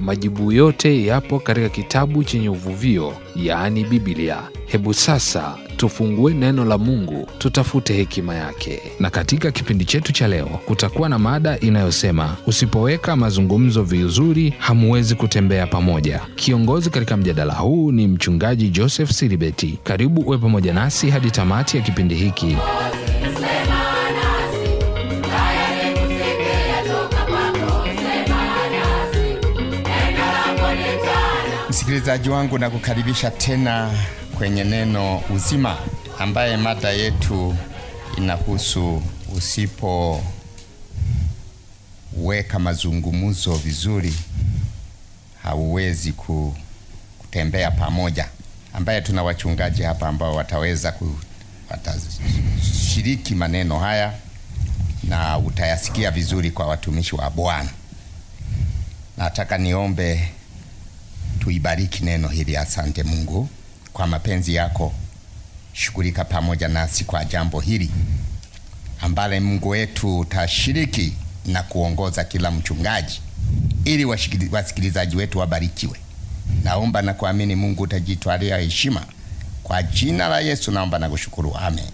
Majibu yote yapo katika kitabu chenye uvuvio, yaani Biblia. Hebu sasa tufungue neno la Mungu, tutafute hekima yake. Na katika kipindi chetu cha leo kutakuwa na mada inayosema usipoweka mazungumzo vizuri hamuwezi kutembea pamoja. Kiongozi katika mjadala huu ni mchungaji Joseph Silibeti. Karibu uwe pamoja nasi hadi tamati ya kipindi hiki. msikilizaji wangu na kukaribisha tena kwenye Neno Uzima, ambaye mada yetu inahusu usipoweka mazungumzo vizuri hauwezi kutembea pamoja, ambaye tuna wachungaji hapa ambao wataweza ku, watashiriki maneno haya na utayasikia vizuri kwa watumishi wa Bwana. Nataka niombe Tuibariki neno hili. Asante Mungu kwa mapenzi yako, shughulika pamoja nasi kwa jambo hili ambale Mungu wetu utashiriki na kuongoza kila mchungaji, ili wasikilizaji wetu wabarikiwe. Naomba na kuamini Mungu utajitwalia heshima kwa jina la Yesu, naomba na kushukuru. Amen,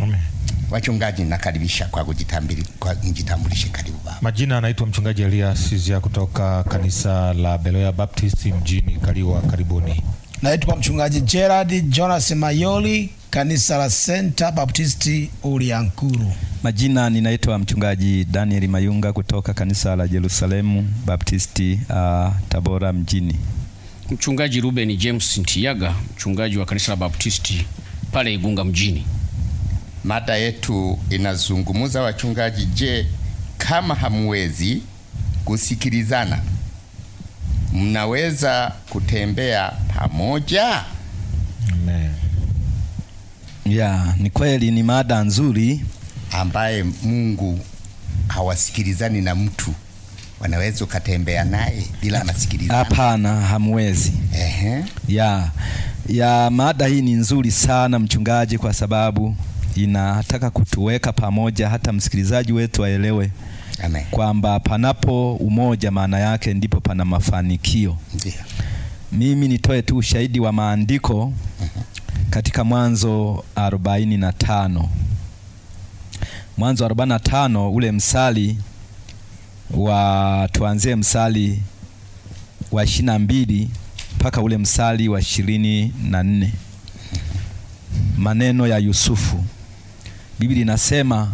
amen. Wachungaji, nakaribisha kwa kujitambili kwa kujitambulisha. Karibu baba. Majina anaitwa mchungaji Elias Sizia kutoka kanisa la Beloya Baptist mjini Kaliwa. Karibuni. Naitwa mchungaji Gerard Jonas Mayoli kanisa la Center Baptist Uliankuru. Majina ninaitwa mchungaji Daniel Mayunga kutoka kanisa la Jerusalemu Baptist uh, Tabora mjini. Mchungaji Ruben James Ntiyaga mchungaji wa kanisa la Baptist pale Igunga mjini mada yetu inazungumza wachungaji, je, kama hamwezi kusikilizana mnaweza kutembea pamoja? Amen. Ya, ni kweli, ni mada nzuri ambaye Mungu hawasikilizani na mtu, wanaweza ukatembea naye bila anasikiliza? Hapana, hamwezi. Ehe. Ya, ya mada hii ni nzuri sana mchungaji, kwa sababu inataka kutuweka pamoja, hata msikilizaji wetu aelewe kwamba panapo umoja, maana yake ndipo pana mafanikio. Ndiyo. Mimi nitoe tu ushahidi wa maandiko mhm. Katika Mwanzo arobaini Mwanzo 45 ule msali wa tuanzie msali wa ishirini na mbili mpaka ule msali wa ishirini na nne mhm. maneno ya Yusufu Biblia inasema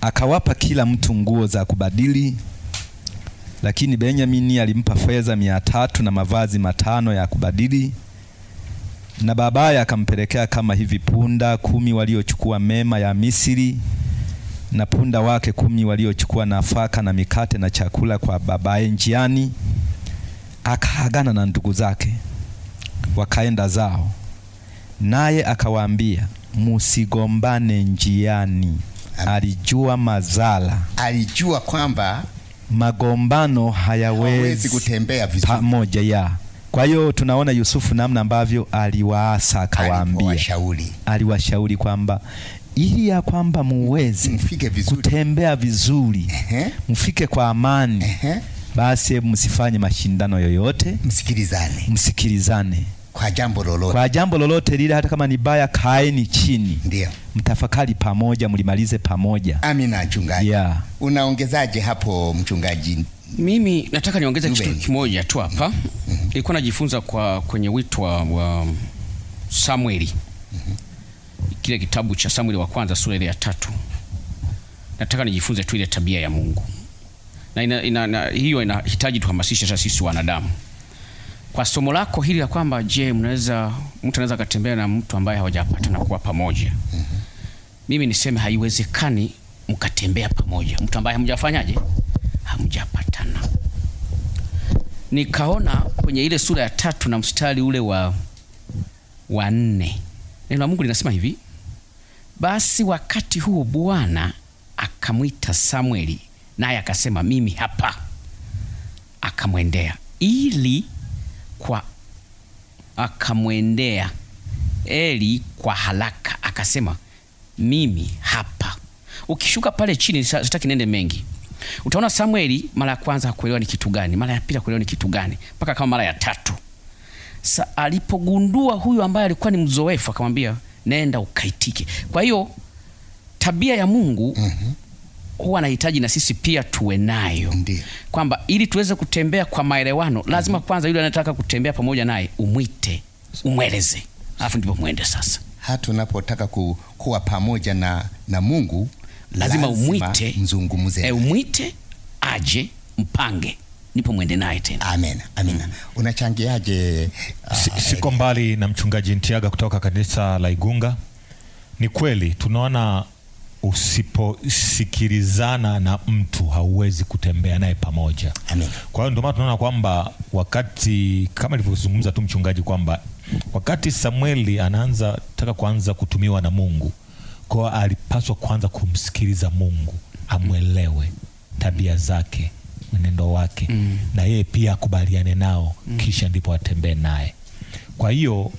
akawapa kila mtu nguo za kubadili, lakini Benyamini alimpa fedha mia tatu na mavazi matano ya kubadili, na babaye akampelekea kama hivi punda kumi waliochukua mema ya Misri na punda wake kumi waliochukua nafaka na mikate na chakula kwa babaye njiani. Akaagana na ndugu zake, wakaenda zao, naye akawaambia musigombane njiani. Alijua mazala, alijua kwamba magombano hayawezi kutembea vizuri pamoja ya kwa hiyo tunaona Yusufu namna ambavyo aliwaasa akawaambia, aliwashauri kwamba ili ya kwamba muweze vizuri, kutembea vizuri -huh. mfike kwa amani -huh. Basi msifanye mashindano yoyote, msikilizane, msikilizane kwa jambo lolote, kwa jambo lolote lile, hata kama ni baya, kaeni chini, ndio mtafakari pamoja, mlimalize pamoja. Amina mchungaji, yeah. Unaongezaje hapo mchungaji? Mimi nataka niongeze kitu kimoja tu hapa. mm -hmm. najifunza kwa kwenye wito wa Samueli mm -hmm. kile kitabu cha Samueli wa kwanza sura ile ya tatu. Nataka nijifunze tu ile tabia ya Mungu na ina, ina, ina, hiyo inahitaji tuhamasishe hata sisi wanadamu kwa somo lako hili la kwamba, je, mnaweza mtu anaweza akatembea na mtu ambaye hawajapatana kuwa pamoja mm-hmm. Mimi niseme haiwezekani mkatembea pamoja mtu ambaye hamjafanyaje, hamjapatana. Nikaona kwenye ile sura ya tatu na mstari ule wa wa nne neno la Mungu linasema hivi: basi wakati huo Bwana akamwita Samueli, naye akasema, mimi hapa. Akamwendea ili kwa akamwendea Eli kwa haraka akasema, mimi hapa. Ukishuka pale chini, sitaki nende mengi, utaona Samueli mara ya kwanza hakuelewa ni kitu gani, mara ya pili hakuelewa ni kitu gani, mpaka kama mara ya tatu Sa, alipogundua huyu ambaye alikuwa ni mzoefu akamwambia, nenda ukaitike. Kwa hiyo tabia ya Mungu mm -hmm huwa anahitaji na sisi pia tuwe nayo. Kwamba ili tuweze kutembea kwa maelewano lazima mm -hmm. Kwanza yule anataka kutembea pamoja naye umwite, umweleze, alafu ndipo mwende sasa. Hata unapotaka ku, kuwa pamoja na, na Mungu lazima, lazima umwite, mzungumze, e, umwite aje, mpange nipo mwende naye tena. Amen. Amen. Mm. Unachangiaje? Uh, siko mbali na mchungaji Ntiaga kutoka kanisa la Igunga. Ni kweli tunaona usiposikilizana na mtu hauwezi kutembea naye pamoja. Amen. Kwa hiyo ndio maana tunaona kwamba wakati kama ilivyozungumza tu mchungaji kwamba wakati Samueli anaanza taka kuanza kutumiwa na Mungu, kwa alipaswa kwanza kumsikiliza Mungu, amwelewe tabia zake, mwenendo wake mm. na yeye pia akubaliane nao mm. kisha ndipo atembee naye. Kwa hiyo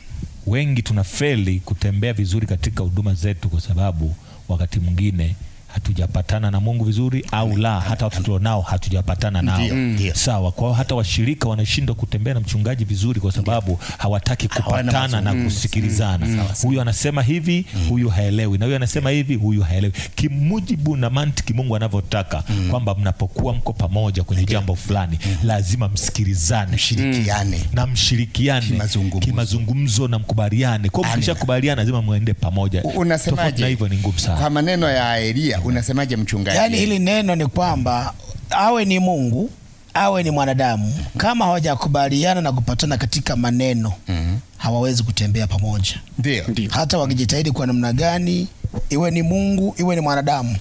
wengi tunafeli kutembea vizuri katika huduma zetu kwa sababu wakati mwingine hatujapatana na Mungu vizuri au la, hata watu tulionao hatujapatana nao. Ndiyo. Mm. Sawa. Kwa hiyo hata washirika wanashindwa kutembea na mchungaji vizuri, kwa sababu hawataki kupatana na mm. kusikilizana. Mm. Huyu anasema hivi, huyu haelewi, na huyu anasema hivi, huyu haelewi, kimujibu na mantiki Mungu anavyotaka kwamba mnapokuwa mko pamoja kwenye jambo fulani lazima msikilizane, mshirikiane na mshirikiane kimazungumzo na mkubaliane. Kwa hiyo mkishakubaliana lazima muende pamoja. Unasemaje? Tofauti na hivyo ni ngumu sana. Kwa maneno ya Elia Unasemaje mchungaji? Yaani hili neno ni kwamba awe ni Mungu awe ni mwanadamu, kama hawajakubaliana na kupatana katika maneno mm -hmm. hawawezi kutembea pamoja. Ndio, hata wakijitahidi kwa namna gani, iwe ni Mungu iwe ni mwanadamu.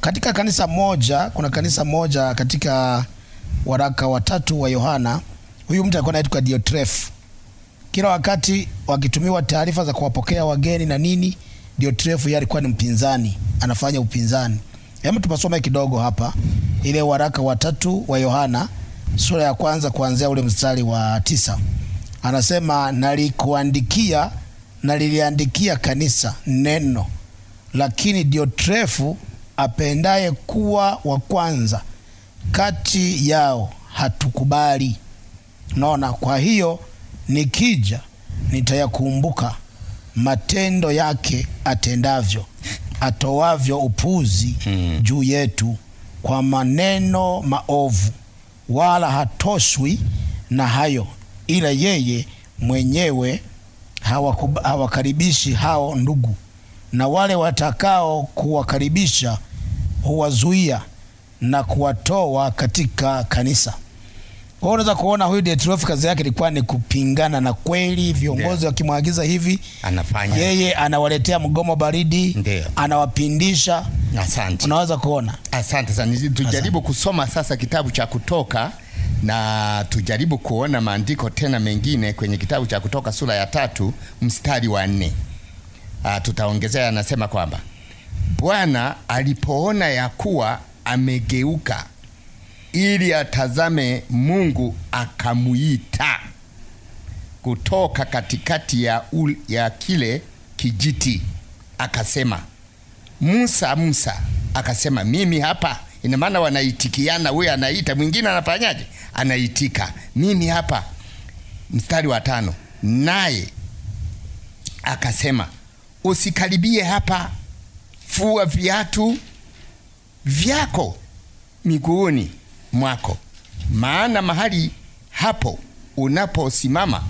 Katika kanisa moja, kuna kanisa moja katika waraka watatu wa Yohana, huyu mtu alikuwa anaitwa Diotref. Kila wakati wakitumiwa taarifa za kuwapokea wageni na nini ndio Trefu yeye alikuwa ni mpinzani, anafanya upinzani. Hebu tupasome kidogo hapa ile waraka wa tatu wa Yohana sura ya kwanza kuanzia ule mstari wa tisa. Anasema, nalikuandikia na liliandikia kanisa neno, lakini Diotrefu apendaye kuwa wa kwanza kati yao hatukubali. Naona, kwa hiyo nikija nitayakumbuka matendo yake atendavyo, atoavyo upuzi hmm, juu yetu kwa maneno maovu, wala hatoshwi na hayo, ila yeye mwenyewe hawakaribishi hao ndugu, na wale watakao kuwakaribisha huwazuia na kuwatoa katika kanisa. Kwa unaweza kuona huyu Detrofi kazi yake ilikuwa ni kupingana na kweli, viongozi wakimwagiza hivi anafanya, yeye anawaletea mgomo baridi, anawapindisha. Asante, unaweza kuona. Asante sana, tujaribu kusoma sasa kitabu cha Kutoka na tujaribu kuona maandiko tena mengine kwenye kitabu cha Kutoka sura ya tatu mstari wa nne. Ah, tutaongezea, anasema kwamba Bwana alipoona ya kuwa amegeuka ili atazame, Mungu akamuita kutoka katikati ya, ul, ya kile kijiti akasema, Musa, Musa. Akasema, mimi hapa. Ina maana wanaitikiana, huyo anaita, mwingine anafanyaje? Anaitika, mimi hapa. Mstari wa tano, naye akasema, usikaribie hapa, fua viatu vyako miguuni mwako, maana mahali hapo unaposimama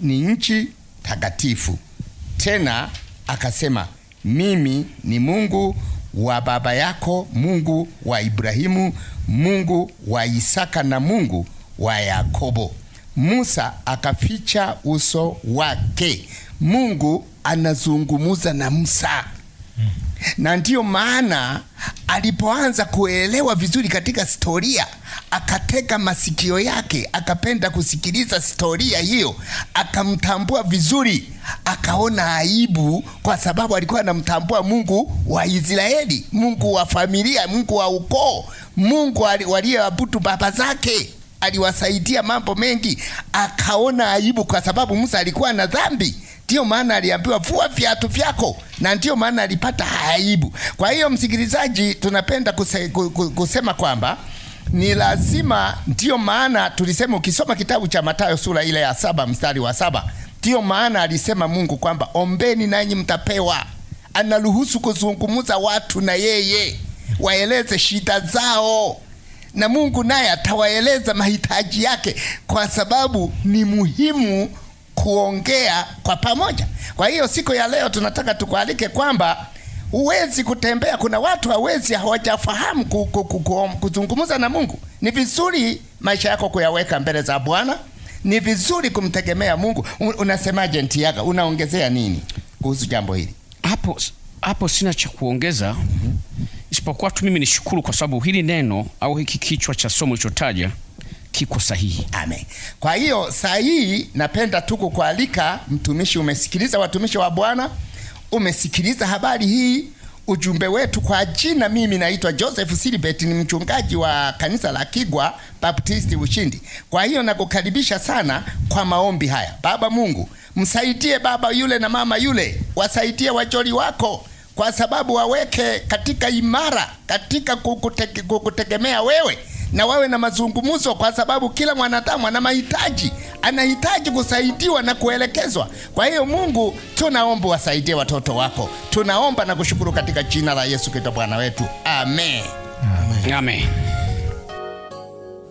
ni nchi takatifu. Tena akasema, mimi ni Mungu wa baba yako, Mungu wa Ibrahimu, Mungu wa Isaka na Mungu wa Yakobo. Musa akaficha uso wake. Mungu anazungumuza na Musa. Hmm na ndiyo maana alipoanza kuelewa vizuri katika storia, akatega masikio yake, akapenda kusikiliza storia hiyo, akamtambua vizuri, akaona aibu, kwa sababu alikuwa anamtambua Mungu wa Israeli, Mungu wa familia, Mungu wa ukoo, Mungu waliyeabudu baba zake, aliwasaidia mambo mengi. Akaona aibu kwa sababu Musa alikuwa na dhambi ndio maana aliambiwa vua viatu vyako, na ndio maana alipata aibu. Kwa hiyo, msikilizaji, tunapenda kuse, kusema kwamba ni lazima, ndio maana tulisema, ukisoma kitabu cha Mathayo sura ile ya saba mstari wa saba ndio maana alisema Mungu kwamba ombeni nanyi mtapewa. Anaruhusu kuzungumza watu na yeye, waeleze shida zao na Mungu naye atawaeleza mahitaji yake, kwa sababu ni muhimu kuongea kwa pamoja. Kwa hiyo siku ya leo tunataka tukualike kwamba huwezi kutembea, kuna watu hawezi, hawajafahamu ku, ku, ku, ku, kuzungumza na Mungu. Ni vizuri maisha yako kuyaweka mbele za Bwana, ni vizuri kumtegemea Mungu. Unasemaje Ntiaga, unaongezea nini kuhusu jambo hili? Hapo hapo sina cha kuongeza mm -hmm. Isipokuwa tu mimi nishukuru kwa sababu hili neno au hiki kichwa cha somo ulichotaja kiko sahihi. Amen. Kwa hiyo saa hii napenda tu kukualika mtumishi, umesikiliza watumishi wa Bwana, umesikiliza habari hii ujumbe wetu kwa jina. Mimi naitwa Joseph Silibet, ni mchungaji wa kanisa la Kigwa Baptisti Ushindi. Kwa hiyo nakukaribisha sana kwa maombi haya. Baba Mungu, msaidie baba yule na mama yule, wasaidie wacholi wako, kwa sababu waweke katika imara, katika kukutegemea wewe na wawe na mazungumzo, kwa sababu kila mwanadamu ana mahitaji, anahitaji kusaidiwa na kuelekezwa. Kwa hiyo, Mungu, tunaomba wasaidie watoto wako, tunaomba na kushukuru katika jina la Yesu Kristo Bwana wetu, amen, amen. amen.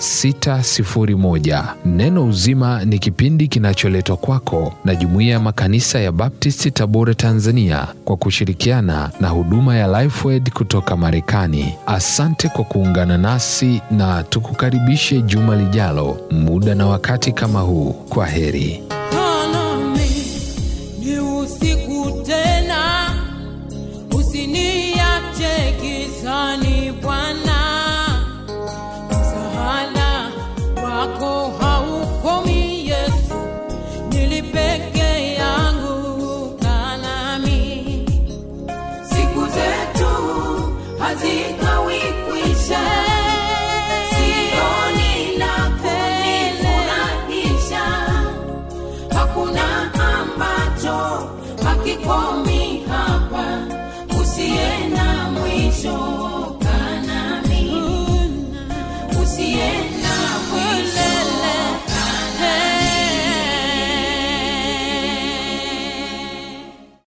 601. Neno Uzima ni kipindi kinacholetwa kwako na Jumuiya ya Makanisa ya Baptisti Tabora, Tanzania, kwa kushirikiana na huduma ya Lifewed kutoka Marekani. Asante kwa kuungana nasi na tukukaribishe juma lijalo, muda na wakati kama huu. Kwa heri. we go, we